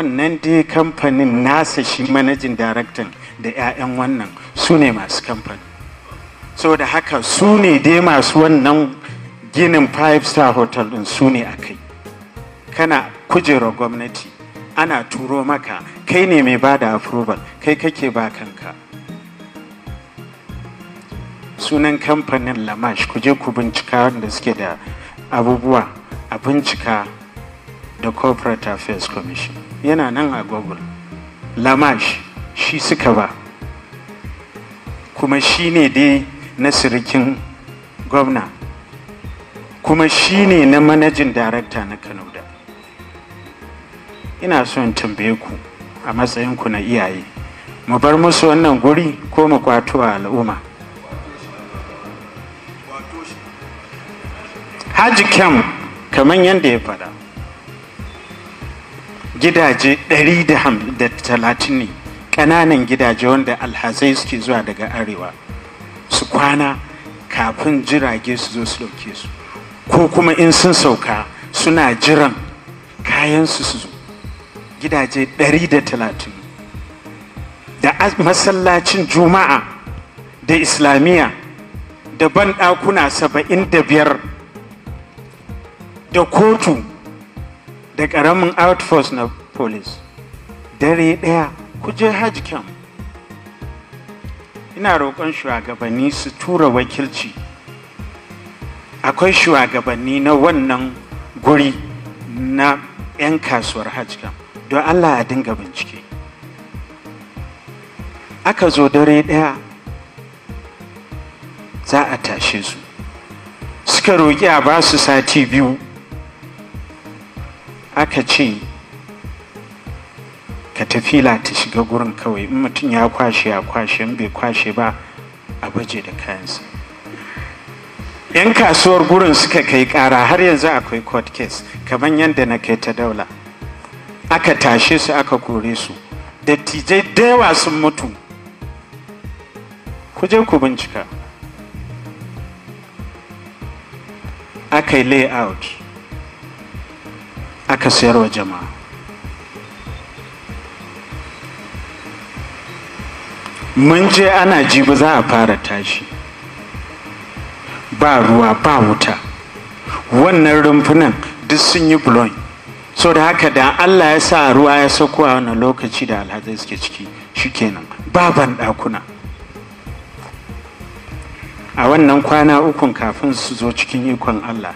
wannan dai kamfanin nasa shi manajin daraktan da 'ya'yan wannan su ne masu kamfani so da haka su ne dai masu wannan ginin five star hotel din su ne a kai kana kujerar gwamnati ana turo maka kai ne mai ba da approval kai kake ba kanka sunan kamfanin lamash ku je ku bincika wanda suke da abubuwa a bincika da corporate affairs commission yana nan a google lamash shi suka ba kuma shi ne dai na sirikin gwamna kuma shi ne na manajin darakta na kano da ina son tambaye ku a matsayinku na iyaye mu bar musu wannan guri ko mu kwato al'umma Haji kyam kamar yadda ya faɗa gidaje 130 ne ƙananan gidaje wanda alhazai suke zuwa daga arewa su kwana kafin jirage su zo su ɗauke su ko kuma in sun sauka suna jiran kayan su su zo gidaje 130 da masallacin juma'a da islamiyya da banɗakuna 75 da kotu da ƙaramin outforce na police dare ɗaya kuje hajj camp ina roƙon shugabanni su tura wakilci akwai shugabanni na wannan guri na 'yan kasuwar hajj camp don allah a dinga bincike aka zo dare ɗaya za a tashe su suka roƙi a ba su sati biyu aka ce ka tafi ta shiga gurin kawai in mutum ya kwashe ya kwashe in bai kwashe ba a baje da kayansa yan kasuwar gurin suka kai kara har yanzu akwai court case kamar yadda na kai ta daula aka tashe su aka kore su dattijai da yawa sun mutu kuje ku bincika aka yi layout aka sayar wa jama'a mun je ana jibi za a fara tashi ba ruwa ba wuta wannan rumfunan duk sun yi bulon so da haka da allah ya sa ruwa ya sauko a wani lokaci da alhazai suke ciki shikenan baban dakuna a wannan kwana ukun kafin su zo cikin ikon allah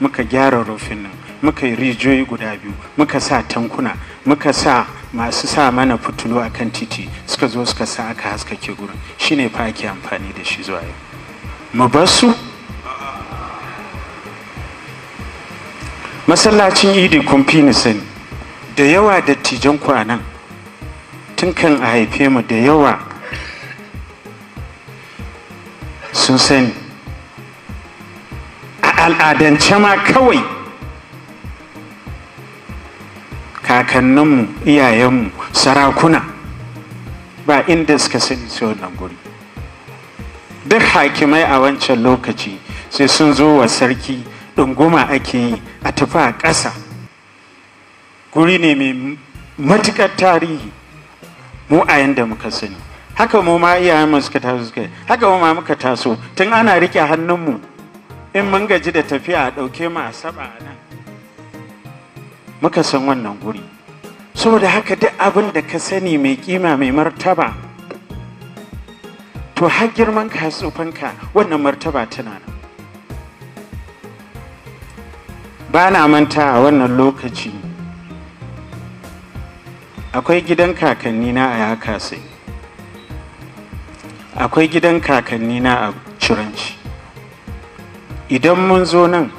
muka gyara rufin nan muka yi rijiyoyi guda biyu muka sa tankuna muka sa masu sa mana fitulu a kan titi suka zo suka sa aka haskake gurin shine fa ake amfani da shi zuwa yau mu bar su masallacin idi kun fi sani da yawa dattijan kwanan tun kan a haife mu da yawa sun sani a al'adance ma kawai kakanninmu iyayenmu sarakuna ba inda suka sani sai wannan guri duk hakimai a wancan lokaci sai sun zo wa sarki ɗunguma ake yi a tafi a ƙasa guri ne mai matuƙar tarihi mu a yanda muka sani haka mu ma iyayenmu suka taso suka haka mu ma muka taso tun ana rike hannunmu in mun gaji da tafiya a ɗauke mu a saba a nan muka san wannan guri saboda haka duk abin da ka sani mai kima mai martaba to har girman ka wannan martaba tana nan ba na manta a wannan lokaci akwai gidan kakanni na a yaka sai akwai gidan kakanni na a ciranci idan mun zo nan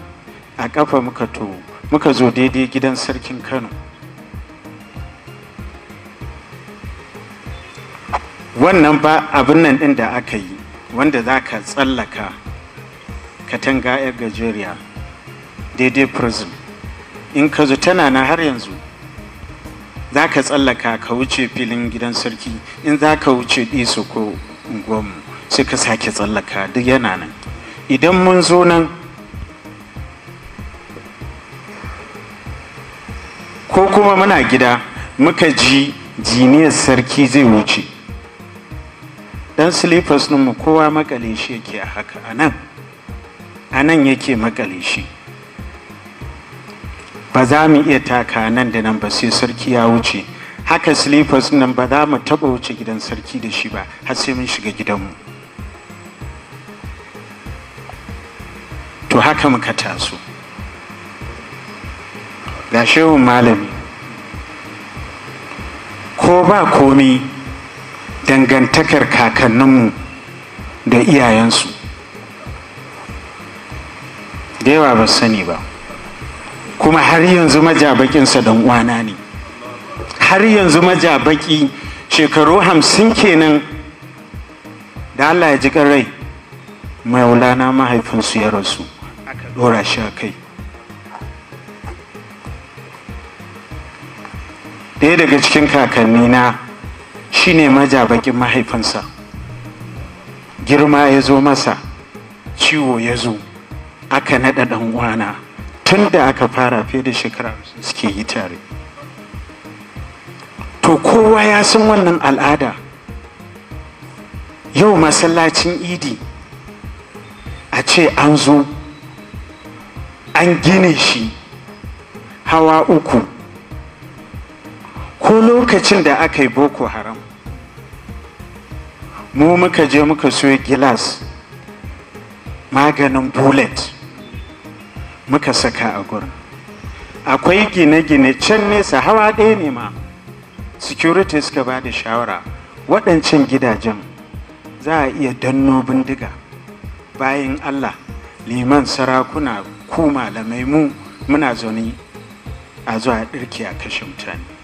a ƙafa muka to muka zo daidai gidan sarkin kano wannan ba abin nan ɗin da aka yi wanda za ka tsallaka katanga 'yar gajeriya daidai prison in ka zo tana na har yanzu za ka tsallaka ka wuce filin gidan sarki in za ka wuce ɗiso ko unguwanmu sai ka sake tsallaka duk yana nan idan mun zo nan ko kuma muna gida muka ji jiniyar sarki zai wuce ɗan silifas mu kowa makale shi yake a haka a nan a nan yake makale shi ba za mu iya taka nan da nan ba sai sarki ya wuce haka silifas nan ba za mu taɓa wuce gidan sarki da shi ba har sai mun shiga gidanmu to haka muka taso ga shehun malami ko ba komi dangantakar kakanninmu da iyayensu da yawa ba sani ba kuma har yanzu majabakinsa dan uwana ne har yanzu majabaki shekaru hamsin kenan da Allah ya ji rai maulana mahaifinsu ya rasu aka dora shi a kai ɗaya daga cikin kakanni na shine majabakin mahaifinsa girma ya zo masa ciwo ya zo aka naɗa ɗan uwana tun da aka fara fiye da shekara suke yi tare to kowa ya san wannan al'ada yau masallacin idi a ce an zo an gine shi hawa uku ko lokacin da aka yi boko haram mu muka je muka soya gilas maganin bullet muka saka a gurin akwai gine-gine can nesa hawa ɗaya ne ma security suka ba da shawara waɗancan gidajen za a iya danno bindiga bayan allah liman sarakuna ku malamai mu muna zaune a zuwa ɗirki a kashe mutane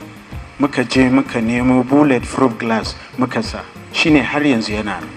muka je muka nemo bullet proof glass muka sa shine har yanzu yana nan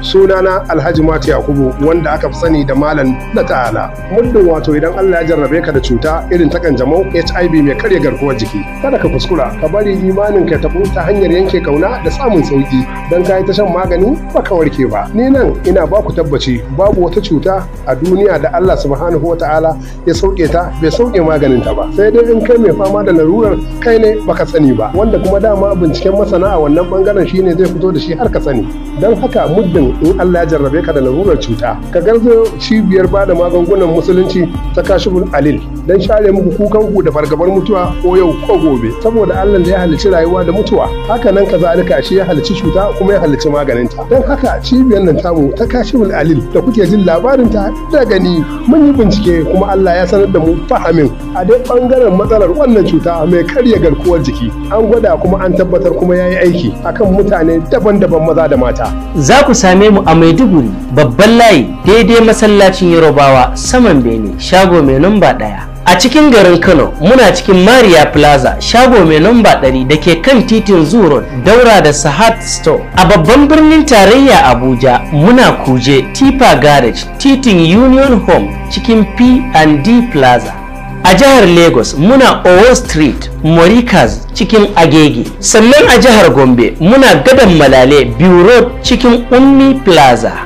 sunana alhaji mati yakubu wanda aka fi sani da malam na ta'ala muddin wato idan allah ya jarrabe ka da cuta irin ta kanjamau hiv mai karya garkuwar jiki kada ka kuskura ka bari imanin ka tabu ta hanyar yanke kauna da samun sauki dan ka yi ta shan magani ba ka warke ba ni nan ina baku tabbaci babu wata cuta a duniya da allah subhanahu ta'ala ya sauke ta bai sauke maganin ta ba sai dai in kai mai fama da larurar kai ne baka sani ba wanda kuma dama binciken masana a wannan bangaren shine zai fito da shi har ka sani don haka muddin in Allah ya jarrabe ka da larurar cuta ka garzo cibiyar bada magungunan musulunci ta kashifun alil dan share muku kukan ku da fargabar mutuwa ko yau ko gobe saboda Allah da ya halicci rayuwa da mutuwa haka nan ka kazalika shi ya halicci cuta kuma ya halicci maganinta dan haka cibiyar nan tamu ta kashifun alil da kuke jin labarin ta da gani mun yi bincike kuma Allah ya sanar da mu fahamin a dai bangaren matsalar wannan cuta mai karya garkuwar jiki an gwada kuma an tabbatar kuma ya yi aiki akan mutane daban-daban maza da mata za ku sami same mu a Maiduguri babban layi daidai masallacin Yarobawa saman Bene shago mai namba ɗaya. A cikin garin Kano muna cikin Maria Plaza shago mai namba 100 da ke kan titin Zuro daura da Sahat Store. A babban birnin tarayya Abuja muna kuje Tipa Garage titin Union Home cikin P&D Plaza. a jihar lagos muna owo street morikas cikin agege sannan a jihar gombe muna gadan malale biyu road cikin ummi plaza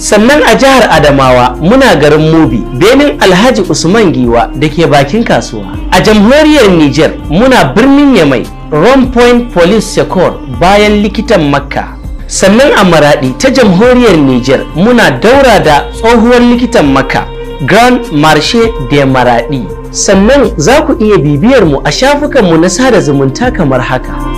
sannan a jihar adamawa muna garin mobi benin alhaji usman giwa da ke bakin kasuwa a jamhuriyar niger muna birnin yamai rome point police secor bayan likitan makka sannan a maradi ta jamhuriyar niger muna daura da tsohuwar likitan makka grand marche de maradi sannan za ku iya bibiyar mu a shafukanmu na sada zumunta kamar haka